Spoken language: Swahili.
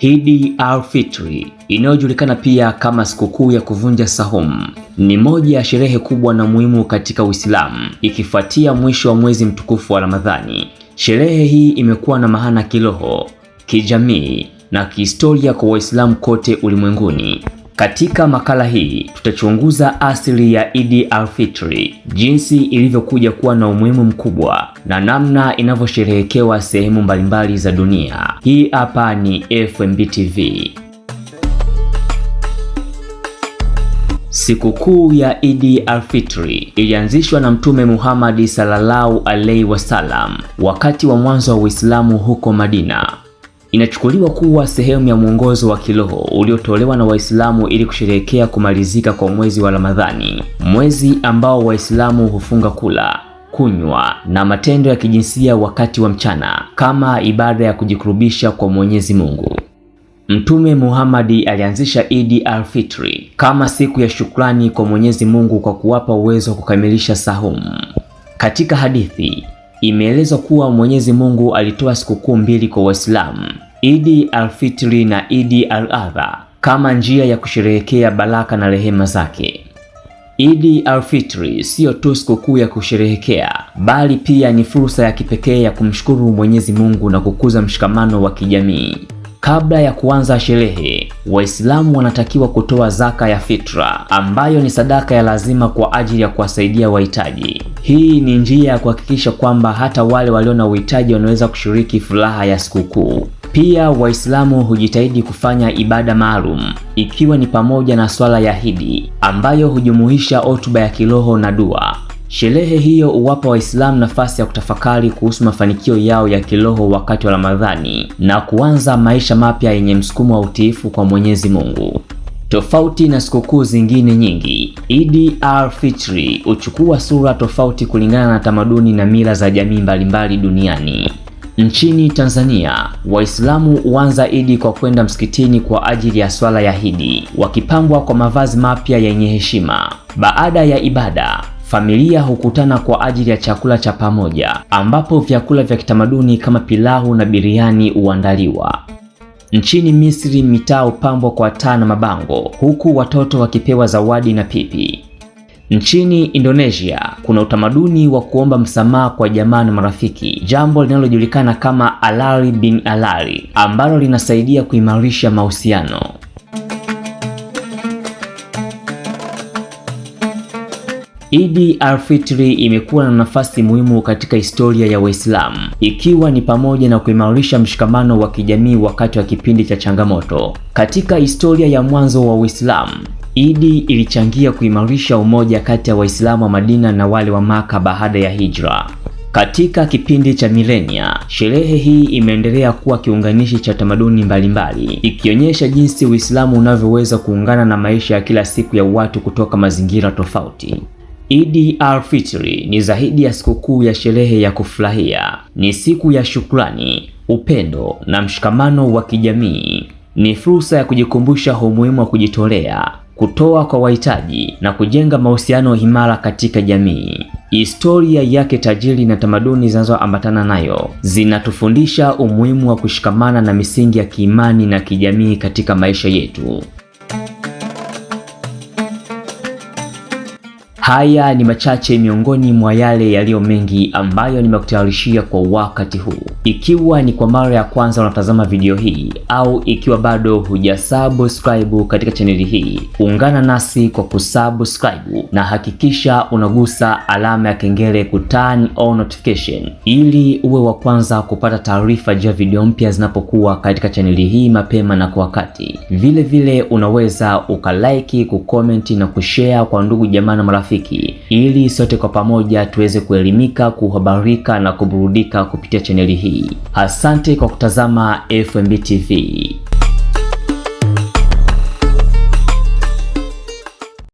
Idi al-Fitri inayojulikana pia kama sikukuu ya kuvunja sahum ni moja ya sherehe kubwa na muhimu katika Uislamu, ikifuatia mwisho wa mwezi mtukufu wa Ramadhani. Sherehe hii imekuwa na maana kiroho, kijamii na kihistoria kwa Waislamu kote ulimwenguni. Katika makala hii tutachunguza asili ya Eid al-Fitr, jinsi ilivyokuja kuwa na umuhimu mkubwa na namna inavyosherehekewa sehemu mbalimbali za dunia. Hii hapa ni FMB TV. Sikukuu ya Eid al-Fitr ilianzishwa na Mtume Muhammad sallallahu alaihi wasallam wakati wa mwanzo wa Uislamu huko Madina. Inachukuliwa kuwa sehemu ya mwongozo wa kiroho uliotolewa na Waislamu ili kusherehekea kumalizika kwa mwezi wa Ramadhani, mwezi ambao Waislamu hufunga kula, kunywa na matendo ya kijinsia wakati wa mchana kama ibada ya kujikurubisha kwa Mwenyezi Mungu. Mtume Muhammad alianzisha Idi al-Fitri kama siku ya shukrani kwa Mwenyezi Mungu kwa kuwapa uwezo wa kukamilisha sahum Katika hadithi Imeelezwa kuwa Mwenyezi Mungu alitoa sikukuu mbili kwa Waislamu, Idi al-Fitri na Idi al-Adha, kama njia ya kusherehekea baraka na rehema zake. Idi al-Fitri siyo tu sikukuu ya kusherehekea, bali pia ni fursa ya kipekee ya kumshukuru Mwenyezi Mungu na kukuza mshikamano wa kijamii. Kabla ya kuanza sherehe, Waislamu wanatakiwa kutoa zaka ya fitra ambayo ni sadaka ya lazima kwa ajili ya kuwasaidia wahitaji. Hii ni njia ya kuhakikisha kwamba hata wale walio na uhitaji wanaweza kushiriki furaha ya sikukuu. Pia Waislamu hujitahidi kufanya ibada maalum ikiwa ni pamoja na swala ya hidi ambayo hujumuisha hotuba ya kiroho na dua. Sherehe hiyo huwapa Waislamu nafasi ya kutafakari kuhusu mafanikio yao ya kiroho wakati wa Ramadhani na kuanza maisha mapya yenye msukumo wa utiifu kwa Mwenyezi Mungu. Tofauti na sikukuu zingine nyingi, Eid al fitr huchukua sura tofauti kulingana na tamaduni na mila za jamii mbalimbali duniani. Nchini Tanzania, Waislamu huanza Idi kwa kwenda msikitini kwa ajili ya swala ya Eid, wakipambwa kwa mavazi mapya yenye heshima. Baada ya ibada familia hukutana kwa ajili ya chakula cha pamoja ambapo vyakula vya kitamaduni kama pilau na biriani huandaliwa. Nchini Misri mitaa hupambwa kwa taa na mabango huku watoto wakipewa zawadi na pipi. Nchini Indonesia kuna utamaduni wa kuomba msamaha kwa jamaa na marafiki, jambo linalojulikana kama alali bin alali ambalo linasaidia kuimarisha mahusiano. Idi Alfitri imekuwa na nafasi muhimu katika historia ya Waislamu, ikiwa ni pamoja na kuimarisha mshikamano wa kijamii wakati wa kipindi cha changamoto. Katika historia ya mwanzo wa Uislamu, Idi ilichangia kuimarisha umoja kati ya Waislamu wa Madina na wale wa Maka baada ya hijra. Katika kipindi cha milenia, sherehe hii imeendelea kuwa kiunganishi cha tamaduni mbalimbali, ikionyesha jinsi Uislamu unavyoweza kuungana na maisha ya kila siku ya watu kutoka mazingira tofauti. Idi al-Fitri ni zaidi ya sikukuu ya sherehe ya kufurahia. Ni siku ya shukrani, upendo na mshikamano wa kijamii. Ni fursa ya kujikumbusha umuhimu wa kujitolea, kutoa kwa wahitaji na kujenga mahusiano imara katika jamii. Historia yake tajiri na tamaduni zinazoambatana nayo zinatufundisha umuhimu wa kushikamana na misingi ya kiimani na kijamii katika maisha yetu. Haya ni machache miongoni mwa yale yaliyo mengi ambayo nimekutayarishia kwa wakati huu. Ikiwa ni kwa mara ya kwanza unatazama video hii au ikiwa bado hujasubscribe katika chaneli hii, ungana nasi kwa kusubscribe na hakikisha unagusa alama ya kengele ku turn on notification ili uwe wa kwanza kupata taarifa juu ya video mpya zinapokuwa katika chaneli hii mapema na kwa wakati. Vile vile unaweza ukalike, kukomenti na kushare kwa ndugu jamaa na marafiki rafiki, ili sote kwa pamoja tuweze kuelimika, kuhabarika na kuburudika kupitia chaneli hii. Asante kwa kutazama FMB TV.